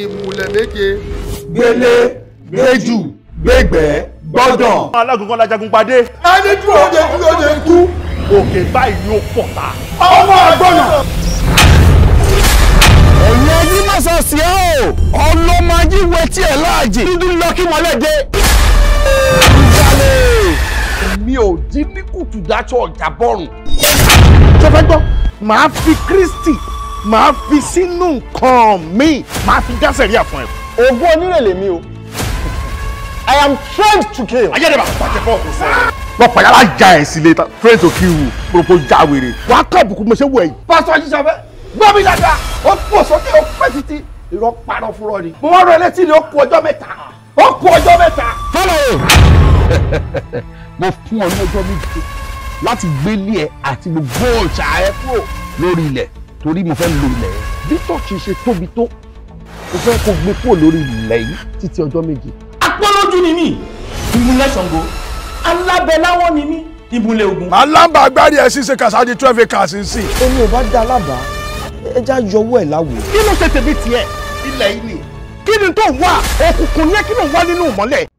ìmùlẹ̀ méje. gbélé gbéjù gbégbẹ́ gbọ́dọ̀. alágungan lajagun pàdé. ẹni dúró de dúró de kú. òkè báyìí ni ó pọ̀ ta. ọmọ àgbọ̀nà. ẹ̀yin ẹbí má sọ sí ẹ o ọlọ́mọ ayé wẹ tiẹ̀ láàjì dúdú lọ kí wọ́n lẹ́dẹ̀. mi ò dín ní kùtù dájọ́ ọjà bọ́rùn. ṣé fẹ́ gbọ́ màá fi Kristi màá fi sínú nǹkan mi màá fi dá sẹ̀ríà fún ẹ. ògùn onírèlè mi o i am trained to kill. ayédèbà pàṣẹ fọ́ọ̀kù sẹ́yìn. wọ́n pàdé alájà ẹ̀ sílé trained to kill wù gbogbo já wèrè. wàá kọ́ àbùkù mo ṣe wù ẹ̀ yìí. pásítọ̀ ajíṣẹ́ fẹ́ gbọ́ mi dáadáa ó pò sókè ó pẹ́ títí irọ́ parọ́ fúnra ni. mo wá rọ ẹlẹ́tì ni ó kù ọjọ́ mẹ́ta ó kù ọjọ́ mẹ́ta. fọlọ o mo fún ọ ní ọjọ́ méje láti gbélé ẹ àti gbogbo ọjà ẹ kúrò lórí ilẹ̀ torí mo fẹ́ lo ilẹ̀ yẹn bí tọ́ọ̀kì ṣe tóbi tó mo fẹ́ kó gbé kúrò lórí ilẹ̀ yìí títí ọjọ́ méje. apọ́lójú ni mí ìmúlẹ̀ Ṣàngó alábẹ́láwọ́ ni mí ìmúlẹ̀ Ògún. alábà agbárí ẹ̀ ṣíṣe kàṣáájú twelve acres ń sìn. omi ò bá dá alábà ẹja yọwọ́ ẹ̀ láwo. kí ló ṣe tèmi tiẹ̀ ilẹ̀ yìí ni kí ni tó wà òkùnkùn yẹn kí ló wà nínú ìmọ́lẹ̀